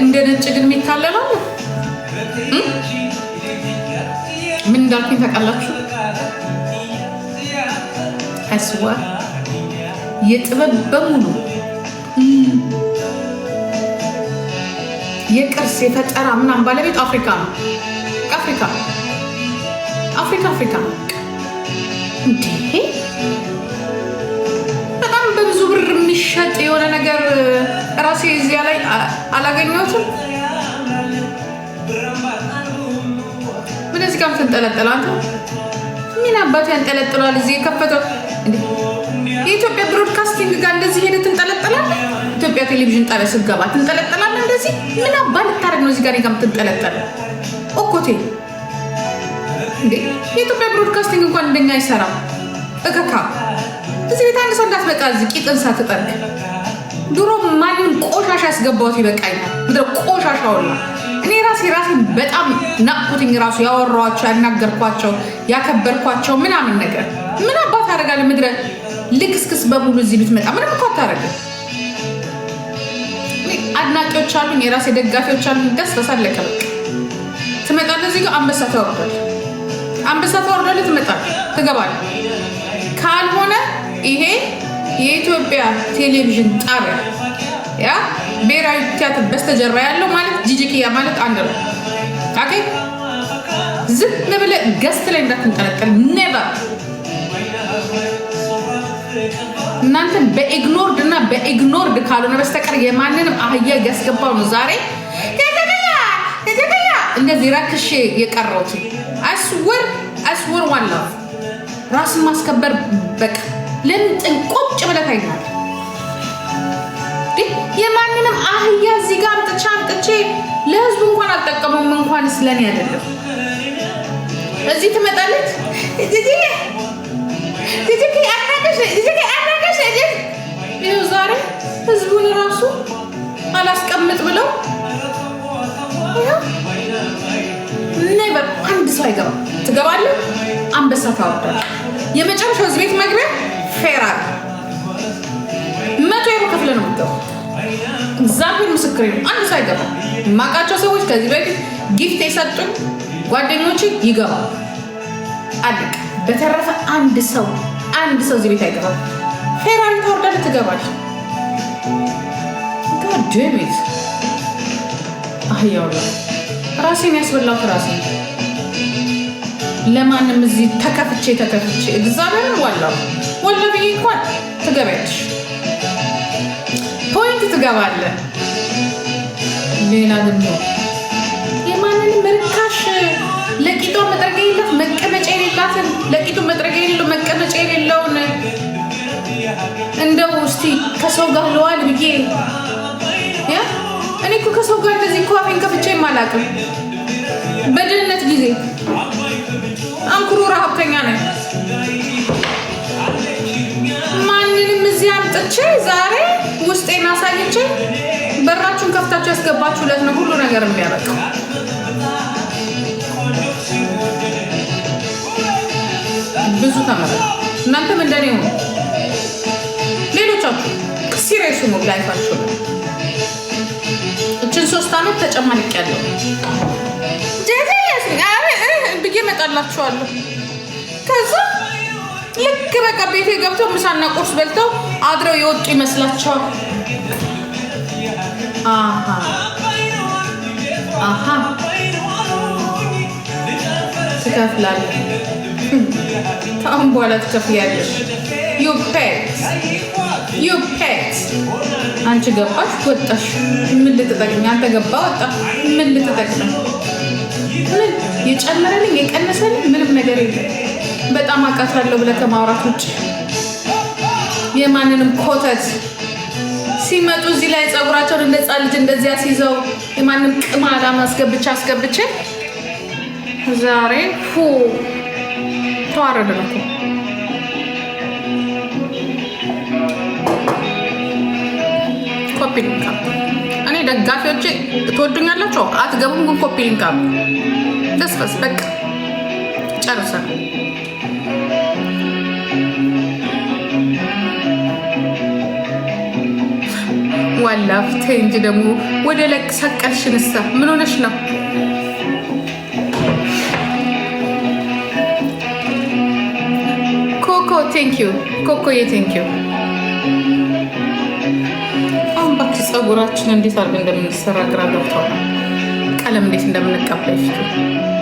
እንደ ነጭ ግን የሚታለላል ምን እንዳልኩኝ ታውቃላችሁ? አይስዋ የጥበብ በሙሉ የቅርስ የፈጠራ ምናምን ባለቤት አፍሪካ ነው። አፍሪካ አፍሪካ አፍሪካ እንዴ የሚሸጥ የሆነ ነገር ራሴ እዚያ ላይ አላገኘሁትም። ምን እዚህ ጋር ምን አባት ያንጠለጥሏል? እዚህ የከፈተው የኢትዮጵያ ብሮድካስቲንግ ጋር እንደዚህ ሄደ ትንጠለጠላል? ኢትዮጵያ ቴሌቪዥን ጣቢያ ስገባ ትንጠለጠላል? እንደዚህ ምን አባ ልታደርግ ነው? እዚህ ጋር ጋም ትንጠለጠለ ኦኮቴ እንዴ! የኢትዮጵያ ብሮድካስቲንግ እንኳን እንደኛ አይሰራም እከካ እዚህ ቤት አንድ ሰው እንዳትበቃ እዚህ ቂጥን ሳትጠርቅ ድሮ ማንም ቆሻሻ ያስገባሁት ይበቃኛል። ምድረ ቆሻሻውና እኔ ራሴ ራሴ በጣም ናቁትኝ። ራሱ ያወራኋቸው፣ ያናገርኳቸው፣ ያከበርኳቸው ምናምን ነገር ምን አባት አደርጋለሁ። ምድረ ልክስክስ በሙሉ እዚህ ብትመጣ ምንም እኮ አታደርግም። አድናቂዎች አሉኝ፣ የራሴ ደጋፊዎች አሉኝ። ደስ ተሳለቀ በቃ ትመጣለህ። እዚህ ጋር አንበሳ ተወርዷል፣ አንበሳ ተወርዷል። ትመጣለህ፣ ትገባለህ ካልሆነ ይሄ የኢትዮጵያ ቴሌቪዥን ጣቢያ ያ ብሔራዊ ቲያትር በስተጀርባ ያለው ማለት ጂጂኪያ ማለት አንድ ነው። ኦኬ ዝም ብለህ ገስት ላይ እንዳትንጠለጠል ኔቨር። እናንተን በኢግኖርድ እና በኢግኖርድ ካልሆነ በስተቀር የማንንም አህያ ያስገባው ነው ዛሬ እንደዚህ ረክሼ የቀረውት አስወር አስወር ዋላ ራስን ማስከበር በቃ ለምን ጥን ቁጭ ብለህ ተኛል? የማንንም አህያ እዚህ ጋር አምጥቼ አምጥቼ ለህዝቡ እንኳን አልጠቀመም። እንኳን ስለኔ አይደለም። እዚህ ትመጣለች ይኸው ዛሬ ህዝቡን ራሱ አላስቀምጥ ብለው ነበር። አንድ ሰው አይገባም። ትገባለህ፣ አንበሳ ታወርዳለህ። የመጨረሻው እዚህ ቤት መግቢያ ፌራሪ መቶ የሩ ከፍለ ነው የምትገባው። እግዚአብሔር ምስክር ነው። አንድ ሰው አይገባም? የማውቃቸው ሰዎች ከዚህ በፊት ጊፍት የሰጡኝ ጓደኞች ይገባል። አለቅ በተረፈ አንድ ሰው አንድ ሰው እዚህ ቤት አይገባም። ፌራሪ ታወርዳለ ትገባል። ጋድሜት አህያው ራሴን ያስበላሁት ራሴ ለማንም እዚህ ተከፍቼ ተከፍቼ እግዚአብሔር ዋላሁ ወላ ብዬ እንኳን ትገቢያለሽ፣ ፖይንት ትገባለህ። ሌላ ግን የማንንም ርካሽ ለቂጦ መጥረጊያ የላት መቀመጫ የሌላትን ለቂጡ መጥረጊያ የሌለው መቀመጫ የሌለውን እንደው እስቲ ከሰው ጋር ለዋል ብዬ ያ እኔ እኮ ከሰው ጋር እንደዚህ እኮ አፌን ከፍቼ የማላቅም በድህነት ጊዜ አንኩሩ ረሀብተኛ ነው። መጥቼ ዛሬ ውስጤን አሳይቼ በራችሁን ከፍታችሁ ያስገባችሁለት ነው ሁሉ ነገር የሚያበቃው። ብዙ ተመረ እናንተም እንደኔ ሆኑ። ሌሎቻችሁ ሲሬሱ ነው ላይፋችሁ ነው። እችን ሶስት አመት ተጨማልቅ ያለው ብዬ እመጣላችኋለሁ። ከዛ ልክ በቃ ቤቴ ገብተው ምሳና ቁርስ በልተው አድረው የወጡ ይመስላቸዋል። ትከፍላለህ። ከአሁን በኋላ ትከፍያለሽ። ዩ ፔት ዩ ፔት። አንቺ ገባሽ ወጣሽ፣ ምን ልትጠቅሚ? አንተ ገባ ወጣ፣ ምን ልትጠቅሚ? ምን የጨመረልኝ የቀነሰልኝ ምንም ነገር የለም። በጣም አውቃታለሁ ብለህ ከማውራት ውጭ የማንንም ኮተት ሲመጡ እዚህ ላይ ጸጉራቸውን እንደ ሕፃን ልጅ እንደዚያ ሲይዘው የማንም ቅማላም አስገብቼ አስገብቼ ዛሬ ፉ ተዋረደ ነው እኮ ኮፒ ሊንክ እኔ ደጋፊዎቼ ትወዱኛላችሁ፣ አትገቡም፣ ግን ኮፒ ሊንክ አፕ ደስ በስ በቃ ጨርሰ አላፍቴ እንጂ ደግሞ ወደ ለቅ ሰቀልሽ ንሳ ምን ሆነሽ ነው? ኮኮ ቴንኪዩ ኮኮዬ ዩ። አሁን እባክሽ ፀጉራችን እንዴት አድርገን እንደምንሰራ ግራ ገብተዋል ቀለም እንዴት እንደምንቀባ ይፍቱ